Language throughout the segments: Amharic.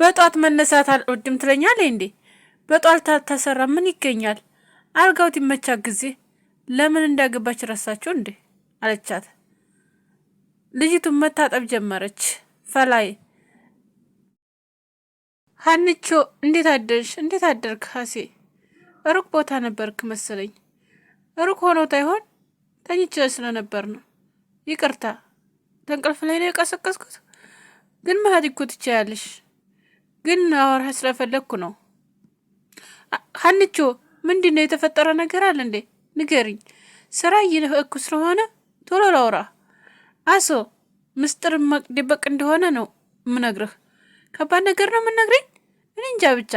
በጧት መነሳት አልወድም ትለኛለህ እንዴ? በጧት ተሰራ ምን ይገኛል? አልጋው ይመቻ ጊዜ ለምን እንዳገባች ረሳችሁ እንዴ? አለቻት። ልጅቱን መታጠብ ጀመረች። ፈላይ ሀንቾ እንዴት አደርሽ? እንዴት አደርክ ሀሴ? ሩቅ ቦታ ነበርክ መሰለኝ። ሩቅ ሆኖት አይሆን ተኝቼ ስለነበር ነው። ይቅርታ፣ ተንቀልፍ ላይ ነው የቀሰቀስኩት። ግን መሀድ እኮ ትችያለሽ ግን አወራ ስለፈለግኩ ነው። ሀንቾ ምንድን ነው የተፈጠረ ነገር አለ እንዴ? ንገሪኝ። ስራ እየለፈኩ ስለሆነ ቶሎ ላውራ። አሶ ምስጢር መደበቅ እንደሆነ ነው የምነግርህ። ከባድ ነገር ነው የምነግርኝ እኔ እንጃ ብቻ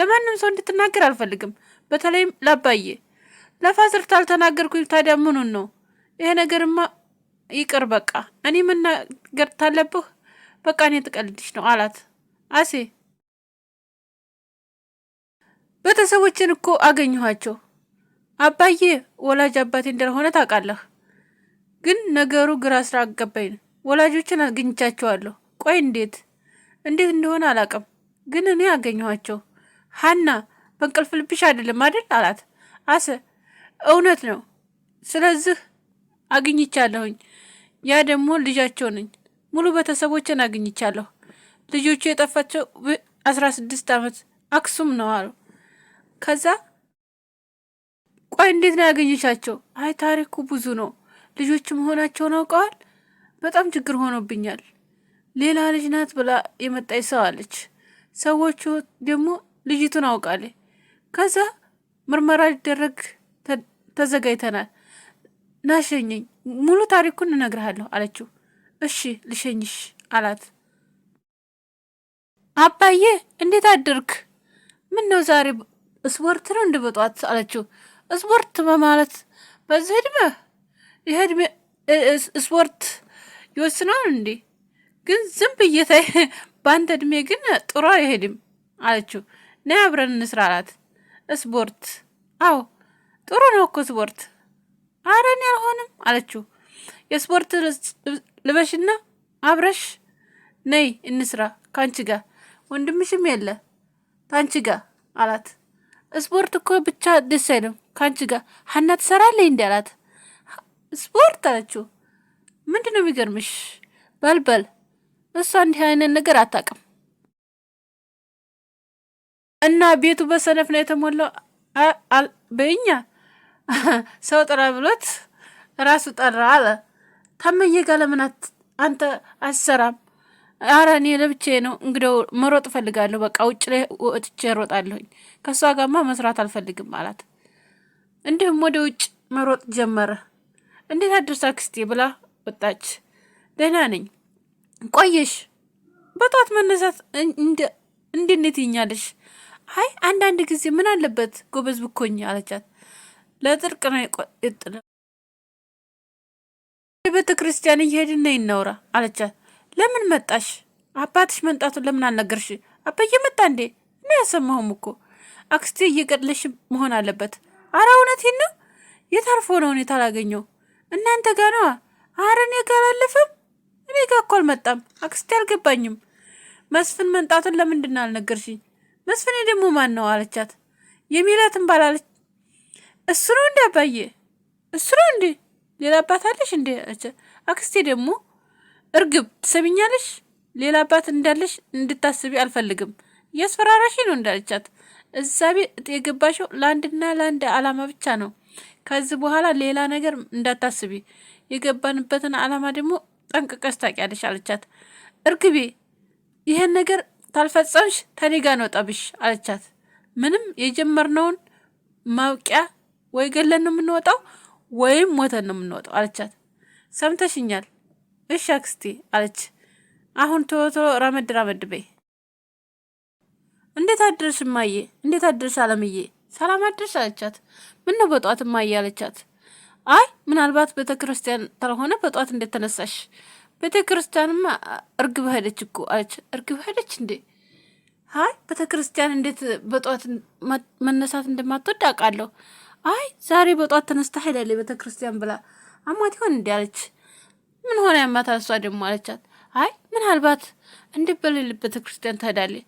ለማንም ሰው እንድትናገር አልፈልግም። በተለይም ላባዬ ለፋዘር ታልተናገርኩኝ። ታዲያ ምኑን ነው ይሄ ነገርማ? ይቅር በቃ እኔ መናገር ታለብህ። በቃ እኔ ትቀልድሽ ነው አላት አሴ ቤተሰቦችን እኮ አገኘኋቸው። አባዬ ወላጅ አባቴ እንዳልሆነ ታውቃለህ፣ ግን ነገሩ ግራ ስራ አገባይን ወላጆችን አግኝቻቸዋለሁ። ቆይ እንዴት እንዴት እንደሆነ አላውቅም፣ ግን እኔ አገኘኋቸው። ሀና በእንቅልፍ ልብሽ አይደለም አይደል አላት። አሰ እውነት ነው። ስለዚህ አግኝቻለሁኝ። ያ ደግሞ ልጃቸው ነኝ። ሙሉ ቤተሰቦችን አግኝቻለሁ። ልጆቹ የጠፋቸው አስራ ስድስት ዓመት አክሱም ነው አሉ ከዛ ቆይ እንዴት ነው ያገኘሻቸው? አይ ታሪኩ ብዙ ነው። ልጆች መሆናቸውን አውቀዋል። በጣም ችግር ሆኖብኛል። ሌላ ልጅ ናት ብላ የመጣች ሰው አለች። ሰዎቹ ደግሞ ልጅቱን አውቃለች። ከዛ ምርመራ ሊደረግ ተዘጋጅተናል። ናሸኘኝ ሙሉ ታሪኩን እነግርሃለሁ አለችው። እሺ ልሸኝሽ አላት። አባዬ እንዴት አደርክ? ምን ነው ዛሬ ስፖርት ነው እንደ በጧት አለችው። ስፖርት በማለት በዚህ እድሜ ይህ እድሜ ስፖርት ይወስናል እንዴ? ግን ዝም ብዬታ በአንተ እድሜ ግን ጥሩ አይሄድም አለችው። ነይ አብረን እንስራ አላት። ስፖርት አዎ ጥሩ ነው እኮ ስፖርት። ኧረ እኔ አልሆንም አለችው። የስፖርት ልበሽና አብረሽ ነይ እንስራ፣ ካንቺ ጋር ወንድምሽም የለ ታንቺ ጋር አላት። ስፖርት እኮ ብቻ ደስ አይልም ከአንቺ ጋር ሀና ትሰራለች እንዲ አላት። ስፖርት አለችው። ምንድን ነው የሚገርምሽ? በልበል እሷ እንዲህ አይነት ነገር አታውቅም። እና ቤቱ በሰነፍ ነው የተሞላው። በኛ ሰው ጥራ ብሎት ራሱ ጠራ አለ። ታመየ ጋር ለምን አንተ አይሰራም? አረ እኔ ለብቼ ነው እንግዲያው መሮጥ እፈልጋለሁ። በቃ ውጭ ላይ ወጥቼ እሮጣለሁኝ ከእሷ ጋማ መስራት አልፈልግም አላት። እንዲሁም ወደ ውጭ መሮጥ ጀመረ። እንዴት አደርሳ ክስቴ ብላ ወጣች። ደህና ነኝ ቆየሽ? በጠዋት መነሳት እንዴት ይኛለሽ? አይ አንዳንድ ጊዜ ምን አለበት ጎበዝ ብኮኝ አለቻት። ለጥርቅ ነው ይጥለ ቤተ ክርስቲያን እየሄድን ነይ አለቻት። ለምን መጣሽ? አባትሽ መምጣቱን ለምን አልነገርሽ? አባዬ መጣ እንዴ? እኔ ያሰማሁም እኮ አክስቴ እየቀለሽ መሆን አለበት። አረ እውነቴን ነው። የት አልፎ ነው እኔ ታላገኘው? እናንተ ጋ ነዋ። አረ እኔ አላለፈም። እኔ ጋ እኮ አልመጣም። አክስቴ አልገባኝም። መስፍን መምጣቱን ለምንድን ነው አልነገርሽኝ? መስፍኔ ደግሞ ማን ነው አለቻት። የሚላትን ባላለች እሱ ነው እንደ አባዬ እሱ ነው እንዴ? ሌላ አባት አለሽ እንዴ? አክስቴ ደግሞ እርግብ ትሰሚኛለሽ? ሌላ አባት እንዳለሽ እንድታስቢ አልፈልግም። እያስፈራራሽ ነው እንዳለቻት እዛ ቤት የገባሽው ለአንድና ለአንድ አላማ ብቻ ነው። ከዚህ በኋላ ሌላ ነገር እንዳታስቢ፣ የገባንበትን አላማ ደግሞ ጠንቅቀሽ ታውቂያለሽ አለቻት። እርግቤ ይህን ነገር ታልፈጸምሽ ተኔ ጋ ነው ጠብሽ አለቻት። ምንም የጀመርነውን ማውቂያ ወይ ገለን ነው የምንወጣው ወይም ሞተን ነው የምንወጣው አለቻት። ሰምተሽኛል እሺ አክስቴ አለች። አሁን ቶሎ ቶሎ ራመድ ራመድ በይ። እንዴት አደርሽ እማዬ? እንዴት አደርሽ አለምዬ? ሰላም አደርሽ አለቻት። ምን ነው በጧት እማዬ አለቻት። አይ ምናልባት ቤተ ክርስቲያን ካልሆነ በጧት እንዴት ተነሳሽ? ቤተ ክርስቲያንማ እርግብ ሄደች እኮ አለች። እርግብ ሄደች እንዴ? አይ ቤተ ክርስቲያን እንዴት በጧት መነሳት እንደማትወድ አውቃለሁ። አይ ዛሬ በጧት ተነስታ ሄዳለ ቤተ ክርስቲያን ብላ አማት ይሆን እንዴ አለች። ምን ሆነ ያማታ? እሷ ደግሞ አለቻት፣ አይ ምናልባት እንደ በሌለ ቤተ ክርስቲያን ትሄዳለች።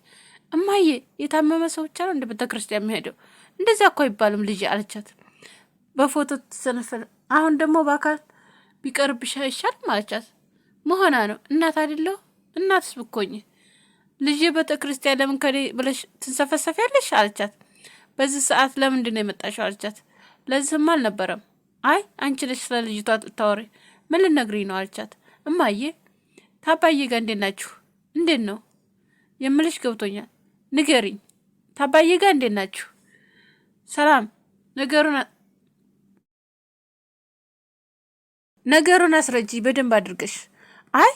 እማዬ የታመመ ሰው ብቻ ነው እንደ ቤተ ክርስቲያን የሚሄደው? እንደዚያ እኮ አይባልም ልጅ አለቻት። በፎቶ ትሰነፈል፣ አሁን ደግሞ በአካል ቢቀርብ ይሻል አለቻት። መሆና ነው እናት አይደለሁ? እናትስ ብኮኝ ልጅ ቤተ ክርስቲያን ለምን ከኔ ብለሽ ትንሰፈሰፊያለሽ? አለቻት። በዚህ ሰዓት ለምንድን ነው የመጣሽው? አለቻት። ለዚህም አልነበረም። አይ አንቺ ነሽ ስለ ልጅቷ ታወሪ ምን ልነግሪኝ ነው አልቻት። እማዬ ታባዬ ጋር እንዴት ናችሁ? እንዴት ነው የምልሽ ገብቶኛል። ንገሪኝ ታባዬ ጋር እንዴት ናችሁ? ሰላም ነገሩን ነገሩን አስረጂ በደንብ አድርገሽ። አይ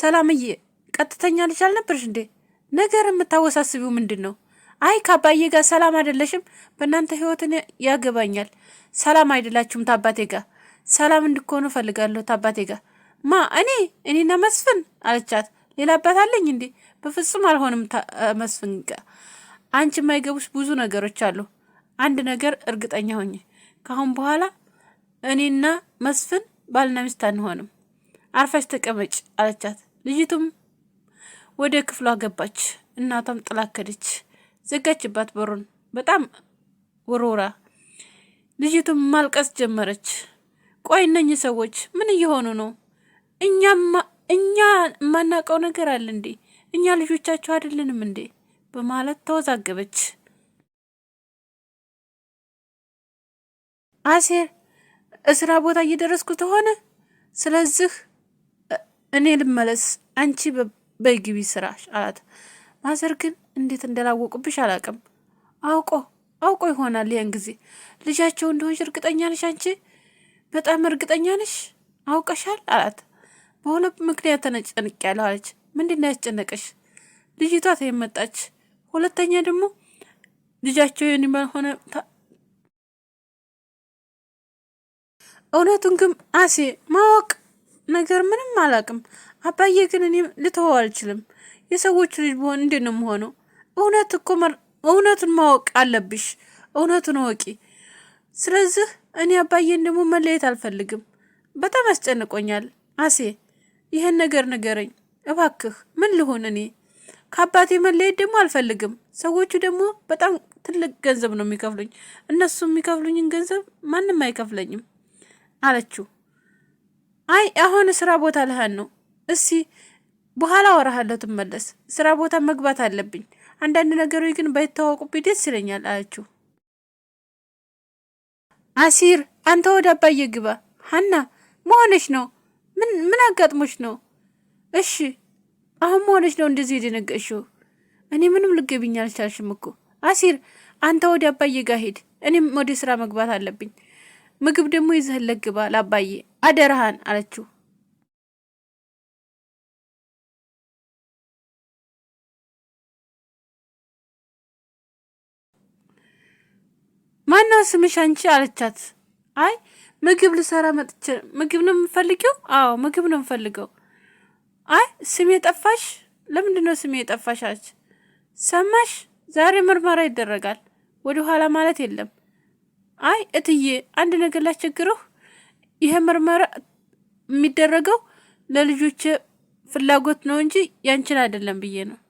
ሰላምዬ ቀጥተኛ ልጅ አልነበርሽ እንዴ? ነገር የምታወሳስቢው ምንድን ነው? አይ ከአባዬ ጋር ሰላም አይደለሽም። በእናንተ ህይወትን ያገባኛል። ሰላም አይደላችሁም ታባቴ ጋር ሰላም እንድኮኑ ፈልጋለሁ ታባቴ ጋር ማ እኔ እኔና መስፍን አለቻት። ሌላ አባት አለኝ እንዴ? በፍጹም አልሆንም መስፍን ጋር አንቺ የማይገቡሽ ብዙ ነገሮች አሉ። አንድ ነገር እርግጠኛ ሆኜ ከአሁን በኋላ እኔና መስፍን ባልና ሚስት አንሆንም። አርፋሽ ተቀመጭ አለቻት። ልጅቱም ወደ ክፍሏ ገባች። እናቷም ጥላከደች ዘጋችባት በሩን። በጣም ውርውራ ልጅቱም ማልቀስ ጀመረች። ቆይ እነኝህ ሰዎች ምን እየሆኑ ነው? እኛ የማናውቀው ነገር አለ እንዴ? እኛ ልጆቻቸው አይደለንም እንዴ? በማለት ተወዛገበች። አሴር እስራ ቦታ እየደረስኩ ተሆነ፣ ስለዚህ እኔ ልመለስ፣ አንቺ በግቢ ስራ አላት። ማዘር ግን እንዴት እንደላወቁብሽ አላውቅም። አውቆ አውቆ ይሆናል። ይህን ጊዜ ልጃቸው እንደሆንሽ እርግጠኛ ነሽ አንቺ? በጣም እርግጠኛ ነሽ? አውቀሻል አላት። በሁለት ምክንያት ተጨንቄያለሁ አለች። ምንድን ነው ያስጨነቀሽ? ልጅቷ ተመጣች ሁለተኛ ደግሞ ልጃቸው ሆነ። እውነቱን ግን አሴ ማወቅ ነገር ምንም አላቅም አባዬ ግን እኔ ልተወው አልችልም። የሰዎች ልጅ በሆን እንዴት ነው የምሆነው? እውነት እኮ እውነቱን ማወቅ አለብሽ። እውነቱን ወቂ። ስለዚህ እኔ አባዬን ደግሞ መለየት አልፈልግም። በጣም አስጨንቆኛል። አሴ ይህን ነገር ንገረኝ እባክህ። ምን ልሆን እኔ ከአባቴ መለየት ደግሞ አልፈልግም። ሰዎቹ ደግሞ በጣም ትልቅ ገንዘብ ነው የሚከፍሉኝ። እነሱ የሚከፍሉኝን ገንዘብ ማንም አይከፍለኝም አለችው። አይ አሁን ስራ ቦታ ልህን ነው እሲ በኋላ ወራሃለሁ ትመለስ። ስራ ቦታ መግባት አለብኝ። አንዳንድ ነገሮች ግን ባይታወቁብኝ ደስ ይለኛል አለችው። አሲር አንተ ወደ አባዬ ግባ። ሀና መሆነች ነው? ምን ምን አጋጥሞች ነው? እሺ አሁን መሆነች ነው እንደዚህ የደነገጥሽው? እኔ ምንም ልገብኝ አልቻልሽም እኮ አሲር፣ አንተ ወደ አባዬ ጋ ሄድ፣ እኔም ወደ ስራ መግባት አለብኝ። ምግብ ደግሞ ይዘህለት ግባ ለአባዬ አደራህን አለችው። ማነው ስምሽ አንቺ አለቻት። አይ ምግብ ልሰራ መጥቼ። ምግብ ነው የምፈልጊው? አዎ ምግብ ነው የምፈልገው። አይ ስሜ ጠፋሽ? ለምንድን ነው ስሜ የጠፋሽ አለች። ሰማሽ፣ ዛሬ ምርመራ ይደረጋል። ወደ ኋላ ማለት የለም። አይ እትዬ፣ አንድ ነገር ላስቸግረው። ይሄ ምርመራ የሚደረገው ለልጆች ፍላጎት ነው እንጂ ያንችን አይደለም ብዬ ነው